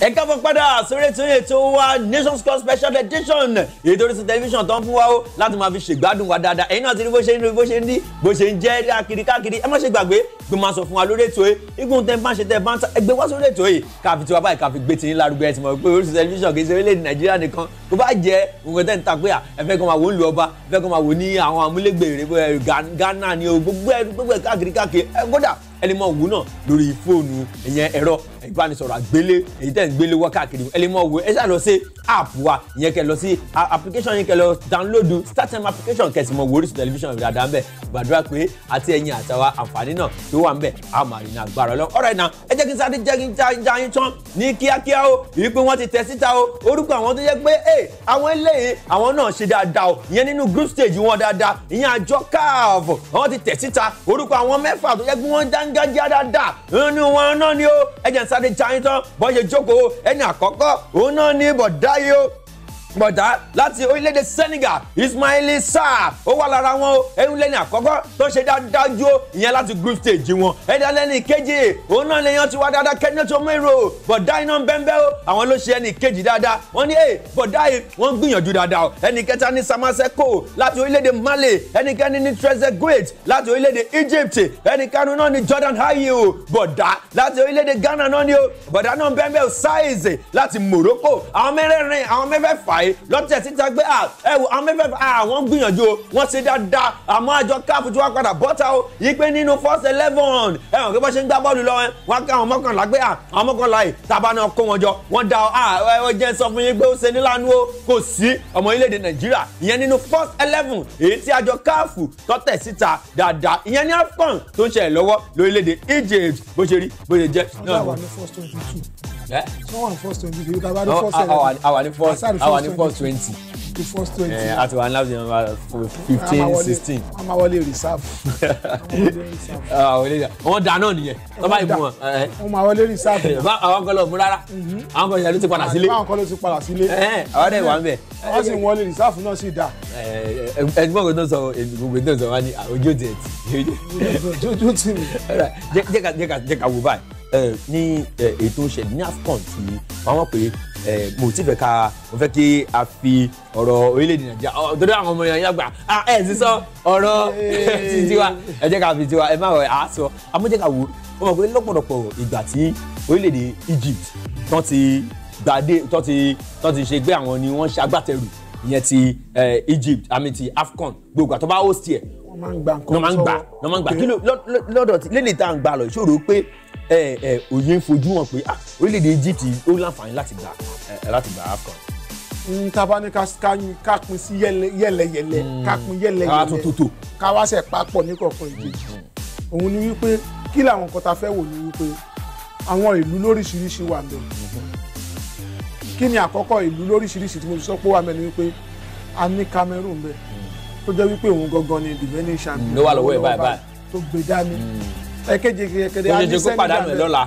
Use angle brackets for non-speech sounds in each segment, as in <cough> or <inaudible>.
ẹ káfọ́ padà sórí ètò yẹn tó wá Nation's Cup special edition ètò Orísun tẹlifíṣàn tó ń fún wa ó láti máa fi ṣègbádùn wa dáadáa ẹ̀yin náà ti rí bó ṣe ń rí bó ṣe ń dí bó ṣe ń jẹ́ káàkiri káàkiri ẹ má ṣe gbàgbé gbé máa sọ fún wa lórí ètò yìí igun tẹ bá ń ṣe tẹ bá ń ta ẹgbẹ́ wá sórí ètò yìí káfi tiwa báyìí káfi gbé tiyín lárugẹ ẹ ti mọ̀ pé Orísun tẹlifíṣàn kì í ṣe orílẹ̀-èdè Nàìjíríà nìkan kó bá jẹ́ òun tẹ́ ń ta pé ẹ fẹ́ kó máa wò ó lu ọba ẹ fẹ́ kó máa wò ní àwọn amúlégbèrè Ghana ni o gbogbo ẹ gbogbo ẹ káàkiri káàkiri ẹ kódà ẹ lè máa wò náà lórí fóònù ìyẹn ẹ̀rọ ìbánisọ̀rọ̀ àgbélé èyí tẹ̀ ń gbélé wọ́ káàkiri ẹ lè máa wò ẹ ṣáà lọ sí app wa ìyẹn kẹ́ lọ sí application yẹn kẹ́ lọ download startime application kẹ́ sì mọ wo Orísun tẹlifíṣàn rẹ̀ dáadáa ń bẹ̀ gbàdúrà pé àti ẹ̀yin àtàwa àǹfààní náà tó wà ń bẹ̀ a máa rí ní agbára Ọlọ́run ọ̀rẹ́ náà ẹ jẹ́ kí n sáré jẹ́ kí n já yín tán ní kíákíá o èyí pé wọ́n ti tẹ̀ síta o orúkọ àwọn tó yẹ pé ẹ àwọn eléyìí àwọn náà ṣe dáadáa o ìyẹn nínú group stage wọn dáadáa ìyẹn àjọ káàbọ̀ wọ́n ti tẹ̀ síta orúkọ àwọn mẹ́fà tó yẹ pé wọ́n dá dángájá dáadáa inú wọn náà ni ó ẹ̀jẹ̀ ń sáré jayín tán bọ́yẹ jókòó ẹni àkọ́kọ́ òun náà ni bọ̀dáyé ó bọ̀dá láti orílẹ̀-èdè Senegal Ismaili Sarr ó wà lára wọn o ẹ̀hún lẹ́ni àkọ́kọ́ tó ṣe dáadáa ju ìyẹn láti group stage wọn ẹ̀dá lẹ́ni kejì òun náà lẹ́yìn ti wá dáadáa kẹ́ni tó mú èrò bọ̀dá iná bẹ́ńbẹ́ o àwọn ló ṣe ẹni kejì dáadáa wọ́n ní ee bọ̀dá yìí wọ́n gbìyànjú dáadáa o ẹni kẹta ní Samaseko láti orílẹ̀-èdè Mali ẹnikẹ́ni ní Trezeguet láti orílẹ̀-èdè Egypt ẹnikẹ́ni náà ní Jordan Ayew o bọ̀dá láti orílẹ̀-èdè Ghana náà ní o bọ̀dá náà bẹ́ńbẹ́ o Saiz Morocco àwọn mẹ́rẹ̀ẹ̀rin àwọn wáyé lọ́tẹ̀ títa gbé ẹ wò àwọn mẹ́fẹ̀ẹ́fẹ́ àwọn gbìyànjú o wọ́n ṣe dáadáa àmọ́ àjọ káàpù tí wọ́n padà bọ́ta o yí pé nínú first eleven ẹ hàn pé bọ́ ṣe ń gbá bọ́ọ̀lù lọ wọn ká àwọn mọ́kànlá gbé àwọn mọ́kànlá yìí tábà náà kó wọn jọ wọ́n da ọ jẹ́ sọ fún yín pé ó ṣe níláàánú o kò sí ọmọ orílẹ̀-èdè nàìjíríà ìyẹn nínú first eleven èyí tí àjọ káàfù tọ́tẹ̀ síta dáadáa ìyẹn ní afcon tó ń ṣẹlẹ̀ lọ́wọ́ lórílẹ̀-èdè egypt bó ṣe rí bó ṣe jẹ́ wọ́n wà ní first twenty bí ká bá ní first seventy àwa ní first àwa ní first twenty eh, the first twenty àti wà ní láti number fifteen sixteen. wọ́n máa wọlé reserve. wọ́n dà náà nìyẹn tó bá ìbú wọn. wọ́n máa wọlé reserve. Eh, àwọn kan lọ mú rárá mhm. àwọn kan ló ti padà sílé. àwọn kan ló ti padà sílé. àwọn dẹ̀ wà ń bẹ̀. Eh, wọ́n sì wọlé reserve náà sì dà. ẹgbẹ́ ògbẹ́ tó sọ ògbẹ́ tó sọ wá ní ah, ojú ò tiẹ̀ tì. ojú ò tì mí. <laughs> jẹ́ ká wò báyìí ní ètò ìṣẹ̀lẹ̀ ní AFCON tí wọ́n mọ̀ pé mo ti fẹ́ ká mo fẹ́ kí a fi ọ̀rọ̀ orílẹ̀-èdè nàìjíríà ọ̀dọ́dọ́ àwọn ọmọ èèyàn yàgbà ẹ ẹ sísọ ọ̀rọ̀ <laughs> ti tiwa ẹ jẹ́ ká fi tiwa ẹ má wọ̀ á sọ àmọ́ jẹ́ ká mọ̀ pé lọ́pọ̀lọpọ̀ ìgbà tí orílẹ̀-èdè Egypt tán ti gbàdé tán ti tán ti ṣe gbé àwọn ni wọ́n ṣe agbátẹrù ìyẹn ti Egypt àmì ti AFCON gbogbo àtọ́ bá host yẹ wọ́n máa ń gbà nǹkan tó wọ́n máa ń gbà kí lọ́dọ̀ ẹ ẹ òye ń fojú hàn pé orílẹ̀-èdè Egypt ó láǹfààní láti gbà láti gbà AFCON. nta bá ní ká pín sí yẹlẹyẹlẹ hmm. ká pín yẹlẹyẹlẹ ká wá ṣe papọ̀ ní kọ̀ọ̀kan ìkejì hmm. òun ni wípé kí làwọn nǹkan ta fẹ́ wò ni wípé àwọn ìlú lóríṣiríṣi wà ńbẹ̀ hmm. kí ni àkọ́kọ́ ìlú lóríṣiríṣi tí mo sọ pé wà ńbẹ̀ ni wípé a ní Cameroon bẹ́ẹ̀ tó jẹ́ wípé òun gangan ni the benin champion ló wà lọ́wọ́ ẹ̀ báyìí tó gbé dání ẹ̀kejì kẹ̀kẹ́dẹ́ a ní sẹ́ni gbàgbé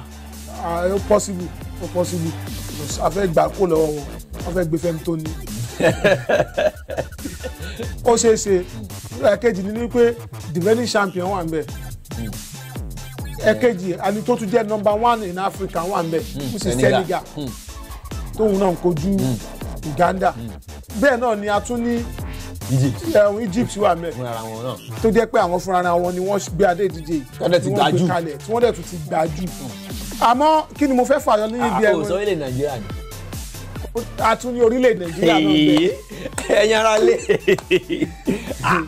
ó possible ó possible a fẹ́ gbà kó lọ́wọ́ wọn a fẹ́ gbé fẹ́mi tó ní. <laughs> ó ṣeé ṣe ẹ̀kejì ni wípé defending champion wà ń bẹ̀ ẹ̀kejì àni tó tún jẹ́ number one in Africa wà ń bẹ̀ sì Senegal hmm. tóun náà kojú hmm. Uganda hmm. bẹ́ẹ̀ náà ni a tún ní Egypt. ẹ̀hún Egypt wà mẹ́. fúnra wọn náà. tó jẹ́ pé àwọn fúnra wọn ni wọ́n gbé adé ìdíje yìí. tọ́lẹ̀ ti gbà jù tí wọ́n dẹ̀ tún ti gbà jù. àmọ́ kí ni mo fẹ́ fàyọ ní ibi ẹ̀rọ. àkóso ilẹ̀ Nàìjíríà ni. a tún ní orílẹ̀ Nàìjíríà náà bẹ́ẹ̀. ẹ̀yin ara lé. <laughs> Ah,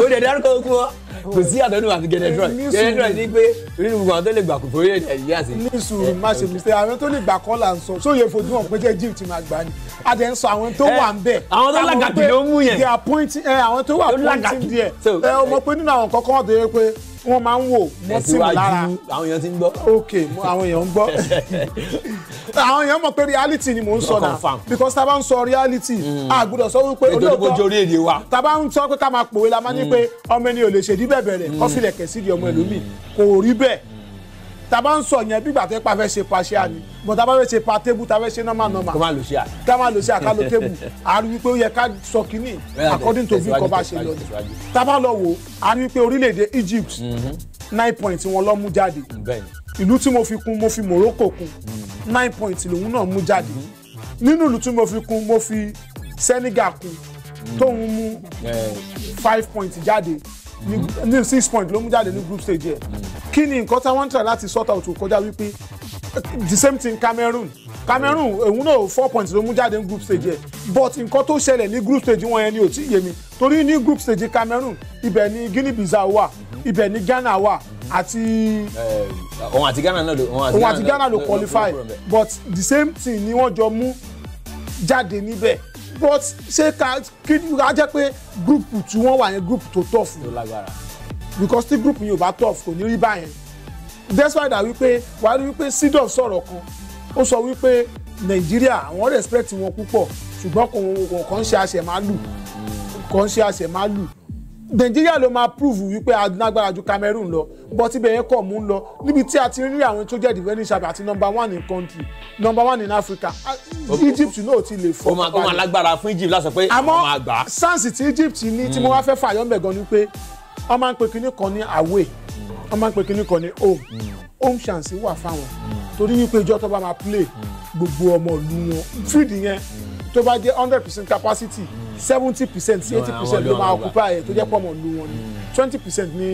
ó dẹ̀ dárúkọ ogun wọn. Oh. kò sí àdánù àti gẹ̀dẹ̀drọ̀ì eh, gẹ̀dẹ̀drọ̀ì ní pé orí gbogbo àwọn tó lè gbà kò fórí èdè nàìjíríà sí. ní sùúrù má ṣe mistake àwọn tó lè gbà kọ́ là ń sọ sóye fojú hàn pé jẹ́ egypt máa gbà ni a dẹ̀ ń sọ àwọn tó eh, wà ń bẹ̀. àwọn tó làgàtì ló mú yẹn. Eh, àwọn tó wà pointing there ọmọ pé nínú àwọn kọ̀ọ̀kan tó yẹ pé wọ́n máa ń wò mọ́ sí wọn lára àwọn èèyàn ti ń gbọ́. ok àwọn èèyàn ń gbọ́ <laughs> àwọn èèyàn mọ̀ pé reality ni mò ń sọ náà because tá ń sọ reality mm. a gbọ́dọ̀ sọ wípé olóòótọ́ tá ń sọ pé ká máa pòwe la máa ní pé mm. ọmọ ẹni ò lè ṣèdí bẹ̀bẹ̀ rẹ̀ kọ́fìlẹ̀kẹ̀ mm. sí di ọmọ ẹlòmíì kò rí bẹ́ẹ̀ tá bá ń sọ yẹn bí gbàtẹ́ pa fẹ́ ṣe paṣẹ́ ni bọ̀ tá bá fẹ́ ṣe pa tébù tá fẹ́ ṣe nọ́mà nọ́mà ká má lò ṣe à ká má lò ṣe à ká lo tébù a rí wípé ó yẹ ká sọ kínní according to bí nǹkan bá ṣe lọ ni tá bá lọ wò a rí wípé orílẹ̀-èdè Egypt mm-hmm. nine points wọn ló mú jáde ìlú tí mo fi kún mo fi Morocco kún mm-hmm. nine points lòun náà mú jáde nínú ìlú tí mo fi kún mo fi Senegal kún mm-hmm. tóun mú five points jáde ní six point ló mú jáde ní group stage yẹ mm. kí ni nǹkan táwọn ń tẹ̀ láti sort out kọjá wípé the same thing Cameroon Cameroon mm. òun náà four points ló mú jáde ní group stage yẹ but nǹkan tó ṣẹlẹ̀ ní group stage wọn yẹn ni ò tí yé mi torí ní group stage Cameroon ibẹ̀ ni Guinea Bissau wà mm-hmm. ibẹ̀ ni Ghana wà mm-hmm. àti. Eh, òun àti Ghana náà ló òun àti Ghana ló qualify but the same thing ni wọ́n jọ mú jáde níbẹ̀ but ṣé ká kí ká jẹ́ pé group tí wọ́n wà yẹn group tó tough ni because tí group yìí ò bá tough kò ní rí báyẹn that's why that wípé wàá rí wípé sidof sọ̀rọ̀ kan ó sọ wípé nàìjíríà àwọn respect wọn púpọ̀ ṣùgbọ́n kò kàn ń ṣe àṣẹ máa kàn ṣe àṣẹ máa nàìjíríà ló máa prove wípé alágbára ju cameroon lọ but ibẹ̀ yẹn kọ̀ mú lọ níbi tí a ti rí àwọn tó jẹ́ defending champion àti number one in country number one in Africa Egypt náà ti lè fọ́ ọ́ máa lágbára fún Egypt láti sọ pé ó máa gbà á. àmọ́ sans ti Egypt ní tí mo wá fẹ́ fàyọ́ mẹ́gan ni pé wọ́n máa ń pe kinní kan ní away wọ́n máa ń pe kinní kan ní home home chance wà fáwọn torí wípé ìjọ tó bá máa play gbogbo ọmọ ìlú wọn fíìdì yẹn tó bá jẹ́ hundred percent capacity. Mm seventy percent sí eighty percent ló máa occupy ẹ̀ tó jẹ́ pọ̀mọ̀ lu wọn ni hmm. twenty percent ni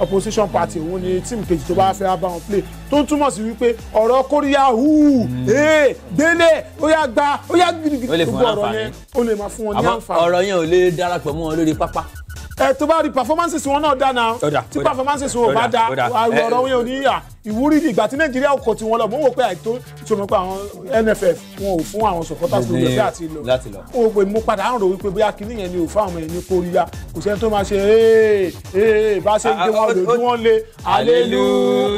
opposition party òun ni team kejì tó bá fẹ́ bá wọn play tó ń túmọ̀ sí wípé ọ̀rọ̀ kóríyá hù hmm. ee délé ó yá gba ó yá gidigidi gbogbo ọ̀rọ̀ yẹn ó lè máa fún wọn ní àǹfààní. ọ̀rọ̀ yẹn ò lè darapọ̀ mọ́ wọn lórí pápá ẹ tó bá rí performances wọn náà dá náà tí performances wọn ò bá dá ọ̀rọ̀ wọn ò ní yà ìwúrí ni ìgbà tí nàìjíríà kò tí wọn lọ mọ wò pé àìtó ìṣòro pé àwọn nff wọn ò fún àwọn supporters ló yẹ láti lọ o pé mo padà ń rò wípé bóyá kinní yẹn ni ò fún àwọn ẹni kóríyá kò sẹ́ni tó máa ṣe ee ee bá ṣe ń gbé wọn lójú wọn lé alelu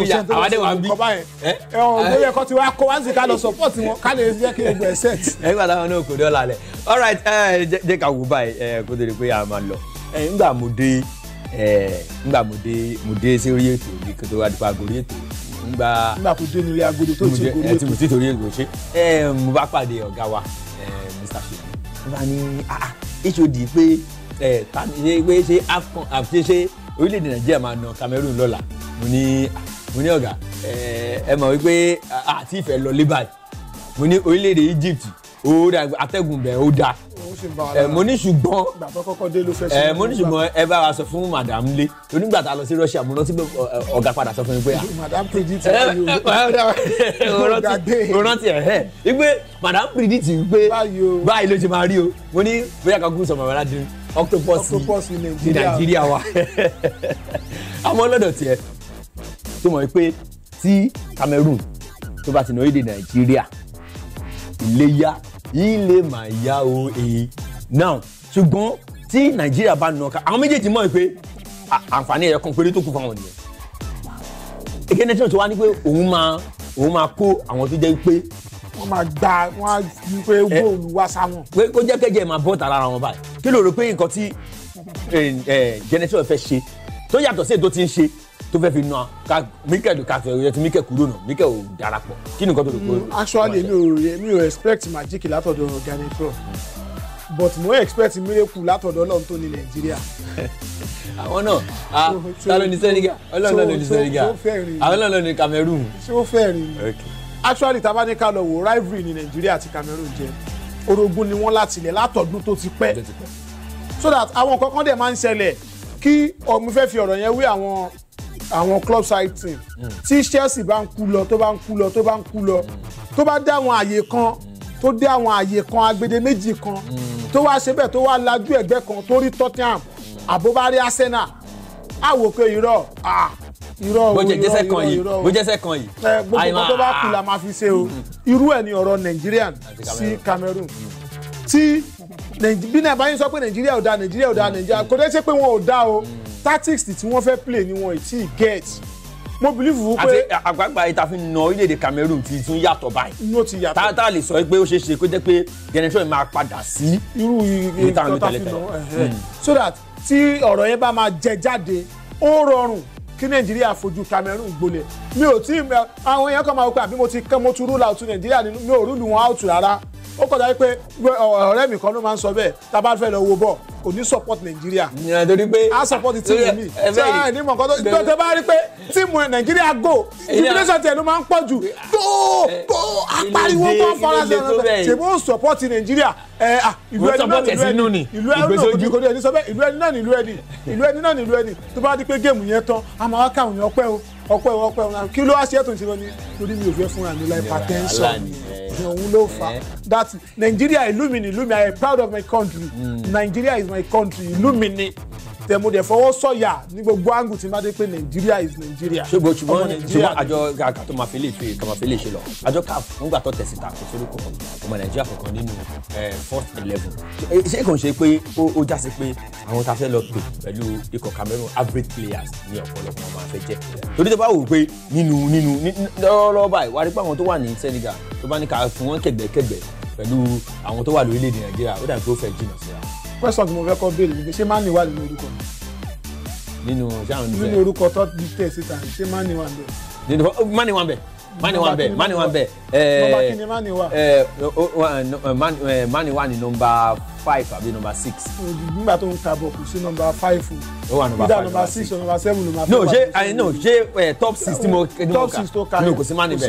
kò sẹ́ni tó máa ṣe olùkọ́ báyẹn ẹ ọ̀n bóyá ẹ̀kọ́ ti wá kó wá ń sì ká lọ support wọn ká lè jẹ́ kí gbogbo ẹ̀ set. ẹ gbàdá wọn náà kò dé ọ̀la rẹ̀ all right jẹ́ ká wò báyìí kó tó di pé a máa lọ nígbà mo dé nígbà mo dé mo dé sí orí ètò yìí kí n tó wá dípa gorí ètò nígbà nígbà kò dé nílé agodo tó ti gorí ètò mo ti torí ètò ṣe mo bá pàdé ọ̀gá wa Mr. ṣe mo bá ní HOD ah, ah, pé pé ṣe AFCON àti ṣe orílẹ̀-èdè Nàìjíríà máa na Cameroon lọ́la mo ní mo ní ọ̀gá ẹ mọ̀ wípé àti ìfẹ́ lọ lé mo ní orílẹ̀-èdè Egypt ó dà atẹ́gùn bẹ̀ ó dà mo ní ṣùgbọ́n ẹ mo ní ṣùgbọ́n ẹ bá wa sọ fún madam lé onígbà tá a lọ sí Russia mo rántí pé ọ̀gá padà sọ fún mi pé à. Ah. madam predict ẹ ẹ o rántí ẹ ẹ igbe madam predict pé báyìí ló ṣe máa rí o mo ní bóyá kankan sọ màmá ládùn octopus ní Nàìjíríà wa <laughs> àmọ́ ọlọ́dọ̀ tiẹ̀ tó mọ̀ pé tí Cameroon tó bá ti nà ó dé Nàìjíríà iléyà ilé mà yá o èyí e. now ṣùgbọ́n tí nàìjíríà bá nà ká àwọn méjèèjì mọ̀ pé àǹfààní ẹ̀yọ kan péré tó kù fáwọn nìyẹn èké nation tó wá ní pé òun máa òun máa kó àwọn tó jẹ́ pé. wọ́n máa gba wọ́n á ní pé góòlù eh. wá sáwọn. pé kó jẹ́ kẹ́jẹ́ máa bọ́ tààrà wọn báyìí kí ló rò pé nǹkan tí eh, eh, generation fẹ́ ṣe tó yàtọ̀ sí ètò tí ń ṣe tó fẹ́ fi na ká Mikel ló kàfẹ́ rẹ ti Mikel kúrò náà Mikel ò darapọ̀ kí ni nǹkan tó lè kó. Mm, actually mi ò mi ò expect magic látọ̀dọ̀ Garnacho but mo expect miracle látọ̀dọ̀ ọlọ́run tó ní Nàìjíríà. <laughs> àwọn náà ta ló ní Senegal ọlọ́run náà ló ní Senegal àwọn náà ló ní Cameroon. ṣé ó fẹ́ rí actually tá a bá ní ká lọ wo rivalry ní Nàìjíríà àti Cameroon jẹ orogún ni wọ́n láti ilẹ̀ látọ̀dún tó ti pẹ́ so that àwọn kankan dẹ̀ máa ń ṣẹlẹ̀ kí ọmọ fẹ́ fi ọ̀rọ̀ yẹn wí àwọn àwọn club side team mm. tí Chelsea bá ń kú lọ tó bá ń kú lọ tó bá ń kú lọ tó bá dé àwọn àyè kan tó dé àwọn àyè kan agbede méjì kan mm. tó wá ṣe bẹ́ẹ̀ tó wá lajú ẹ̀gbẹ́ kan tó rí Tottenham àbúbárí Arsenal àwòkọ irọ́ irọ́ o irọ́ irọ́ irọ́ o bójẹ́sẹ̀ kan yìí gbogbo nǹkan tó bá kù la máa fi ṣe o mm. irú ẹ̀ ni ọ̀rọ̀ Nigerian sí Cameroon tí bí náà báyìí sọ pé Nàìjíríà ò da Nàìjíríà ò da Nàìjíríà kò dé ṣe pé wọn ò da o. Mm statics tí wọ́n fẹ́ play ni wọ́n ti get mo believe wò pé. àti eh, àgbàgbà yìí ta fi na orílẹ̀-èdè Cameroon ti tún yàtọ̀ báyìí. ló ti yàtọ̀ tá tá lè sọ pé ó ṣeé ṣe kó jẹ́ pé generation máa padà sí. irú iye tó ta fi na hmm. so that tí ọ̀rọ̀ yẹn bá máa jẹ jáde ó rọrùn kí nàìjíríà fojú Cameroon gbolẹ̀ mi ò tí àwọn yẹn kàn máa wọ pé àbí mo ti kán mo tún rule out nàìjíríà nínú mi ò rúlù wọn out rárá ó kọ̀ dájú pé ọ̀rẹ́ mi kan ló máa ń sọ bẹ́ẹ̀ tá a bá fẹ́ lọ wo bọ̀ kò ní support nàìjíríà. ìyẹn torí pé a support tíìmù mi tí a ní mọ̀ kọ́tọ́ tó tẹ bá rí pé tíìmù nàìjíríà go jubilation tiẹ̀ ló máa ń pọ̀ jù tó tó apariwo kan fara sí ọ̀nà tí mo support nàìjíríà ìlú ẹni náà ni ìlú ẹni ìlú ẹni náà ni ìlú ẹni ìlú ẹni náà ni ìlú ẹni ìlú ẹni náà ni ìlú ẹni tó bá rí pé géèmù yẹn tán a máa wá káwọn yẹn ọpẹ́ o ọpẹ́ ọpẹ́ ọ̀nà kí ló wá sí ẹ̀tọ́ ìṣirò ni torí mi ò fẹ́ fúnra mi láì hypertension eh. òun ló fà á eh. that Nigeria ìlú mi ni ìlú mi I am proud of my country hmm. Nigeria is my country ìlú mi ni tẹ̀mú dẹ̀ fọwọ́ sọ̀yà ní gbogbo angu tí má dé pé nàìjíríà is nàìjíríà. ṣùgbọ́n ṣùgbọ́n ṣùgbọ́n àjọ àgbà tó máa fi lè ṣe tó máa fi lè ṣe lọ àjọ caf nígbà tó tẹ̀sí ta kò sórí kò ọmọ nàìjíríà kankan nínú first eleven ṣé kò ń ṣe pé ó já pé àwọn tá a fẹ́ lọ pè pẹ̀lú ikọ̀ Cameroon average players ní ọ̀pọ̀lọpọ̀ máa fẹ́ jẹ́ torí tó bá wò pé nínú nínú lọ́wọ́lọ́wọ́ báyìí wà question tí mo fẹ́ kọ́ béèrè nígbè ṣé máa ní wà nínú orúkọ nínú ṣáà ń bẹ nínú orúkọ tó di tẹ̀ síta ṣé máa ní wà ń bẹ. nínú máa ní wà ń bẹ mani wa bẹ mani wa bẹ ẹẹ eh, eh, eh, mani wa ni nọ́mbà five àbí nọ́mbà six. nígbà tó ń ka bọ̀ kò sí nọ́mbà five o. ó wà nọ́mbà five nọ́mbà six nọ́mbà seven nọ́mbà five. no ṣe ayi no ṣe top six tí mo ka top six tó ka yẹn kò sí mani bẹ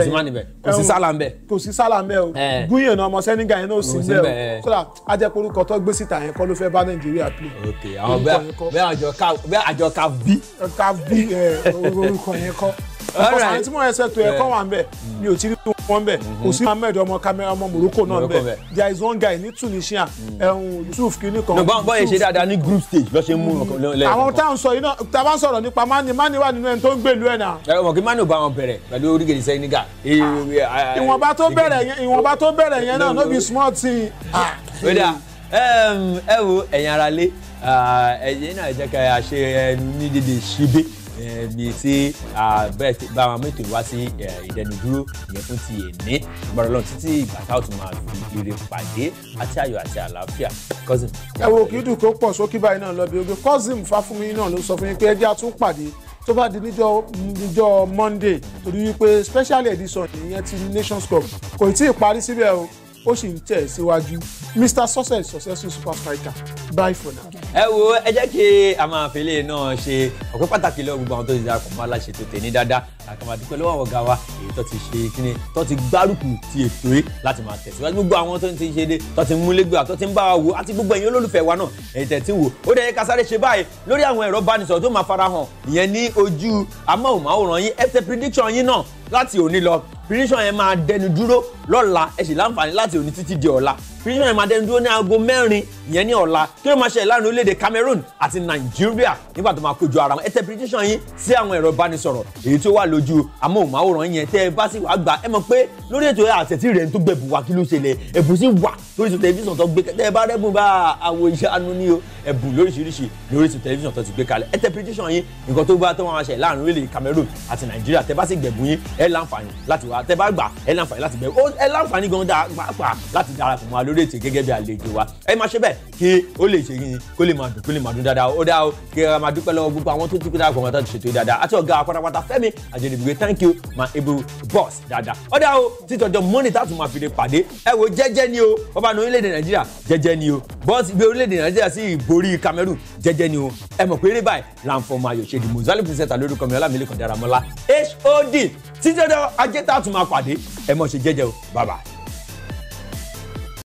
kò sí mani bẹ kò sí sálà ń bẹ. kò sí sálà ń bẹ o gúnyè náà ọmọ sẹ́nìgà yẹn náà sì ń bẹ o kódà ajẹkorúkọ tó gbé síta yẹn kọ́ ló fẹ́ bá nàìjíríà pè. ok àwọn bẹ́ẹ̀ àjọ ká bí. ká bí orúkọ yẹn kọ́ àwọn tí mo ẹsẹ̀ tó ẹ̀kọ́ wà ń bẹ̀ mi ò ti rí wọn bẹ̀ mm-hmm. kò sí Mohammed ọmọ Cameroon ọmọ Morocco náà bẹ̀ there is one guy ní Tunisia mm. Yusuf kìíní kan. bọ́n bọ́n yẹn ṣe dáadáa ní group stage lọ́ ṣe mú mm. ọkàn lẹ́yìn. àwọn táwọn sọ yìí náà a bá sọ̀rọ̀ nípa Mani Mani wà nínú ẹni tó ń gbèlú ẹ̀ náà. ẹ mọ̀ kí Mani ò bá wọn bẹ̀rẹ̀ pẹ̀lú oríkèdè Senegal. Ah. ìwọ̀nba tó bẹ̀rẹ̀ yẹn ìwọ̀nba tó bẹ̀rẹ̀ yẹn náà no be small thing. Ah. ẹ wo ẹ̀yin ará lé ah, ẹ̀yin náà jẹ́ ká ṣe ẹnu eh, ní dídì ṣíbí ibi tí bẹ́ẹ̀ ti bá wọn mẹ́tò wá sí ìdẹnudúró ìyẹn fún ti èní gbọ́dọ̀ lọ́n títí ìgbà tá ò tún máa fi ire pàdé àti ayọ̀ àti àlàáfíà cousin. ẹ wo kì í dùn kó pọ̀ sókí báyìí náà lọ bí oge cousin fáfúnmi náà ló sọ fún yín pé ẹ jẹ́ àtúnpàdé tó bá di níjọ́ níjọ́ monday torí wípé special edition ìyẹn ti nations cup kò tí ì parí síbẹ̀ o ó sì ń tẹ̀ síwájú mr success successful super fighter. bye for now. ẹ wo ẹ jẹ́ kí a máa fèlè náà ṣe ọ̀pẹ́ pàtàkì lọ́wọ́ gbogbo àwọn tó ti darapọ̀ mọ́ aláṣẹ tó tẹ̀ ní dáadáa àkàmà dúpẹ́ lọ́wọ́ àwọn ọ̀gá wa èyí tó ti ṣe kíni tó ti gbárùkù ti ètò yìí láti máa tẹ̀síwájú gbogbo àwọn tó ti ṣe dé tó ti múlégbé àtọ́ ti ń bá wa wò àti gbogbo ẹ̀yin olólùfẹ́ wa náà èyí tẹ̀ ti wò ó dẹ̀ ẹ prediction yín náà láti òní lọ aspiration yẹn máa dẹnu dúró lọ́la ẹ sì láti òní títí di ọ̀la fíjìmọ̀ ìmàdẹ́nu dúró ní aago mẹ́rin ìyẹn ní ọ̀la kí ló máa ṣe láàrin orílẹ̀-èdè Cameroon àti Nàìjíríà nígbà tó máa kojú ara wọn ẹ tẹ pírítíṣàn yín sí àwọn ẹ̀rọ ìbánisọ̀rọ̀ èyí tó wà lójú amóhùnmáwòrán yẹn tẹ ẹ bá sì wàá gbà ẹ mọ̀ pé lórí ètò àtẹ̀tí rẹ̀ tó gbẹ̀bù wá kí ló ṣẹlẹ̀ ẹ̀bùn sì wà lórí ètò tẹlifíṣàn tó gbé tẹ ẹ bá rẹ́bùn bá àwo ìṣàánú ní o ẹ̀bùn lóríṣiríṣi lórí ètò tẹlifíṣàn tó ti gbé kalẹ̀ ẹ tẹ pírítíṣàn yín nǹkan tó bá tó máa ṣe láàrin orílẹ̀-èdè Cameroon àti Nàìjíríà tẹ bá sì gbẹ̀bùn yín ẹ láǹfààní láti wá tẹ bá gbà ẹ láǹfààní láti gbẹ̀bùn ẹ láǹfààní gan-an dáa pàápàá láti darapọ̀ mọ́ lórí gẹ́gẹ́ bí àlejò wa ẹ máa ṣe bẹ́ẹ̀ kí ó lè ṣe yín kó lè máa dùn kó lè máa dùn dáadáa ó dáa o kí ẹ máa dúpẹ́ lọ́wọ́ gbogbo àwọn tó ti kúta àgbọ̀n tó ti ṣètò dáadáa àti ọ̀gá pátápátá Fẹ́mi Ajẹ́dìbìgbé thank you my able boss dáadáa ó dáa o títọ́jọ́ mọ́nì tààtù máa fi lè pàdé ẹ wo jẹ́jẹ́ ni o bọ́bá ní orílẹ̀-èdè Nàìjíríà jẹ́jẹ́ ni o bọ́ọ̀sì gbé orílẹ̀-èdè Nàìjíríà sí ìborí Cameroon jẹ́jẹ́ ni o ẹ mọ̀ pé eré báyìí láǹfọ̀mọ́ ayò ṣe di mozali pírísẹ́tà lórúkọ mi ọlámilẹ́kàn dáramọ́lá HOD títọ́jọ́ ajé tààtù máa pàdé ẹ mọ̀ ṣe jẹ́jẹ́ o bye bye.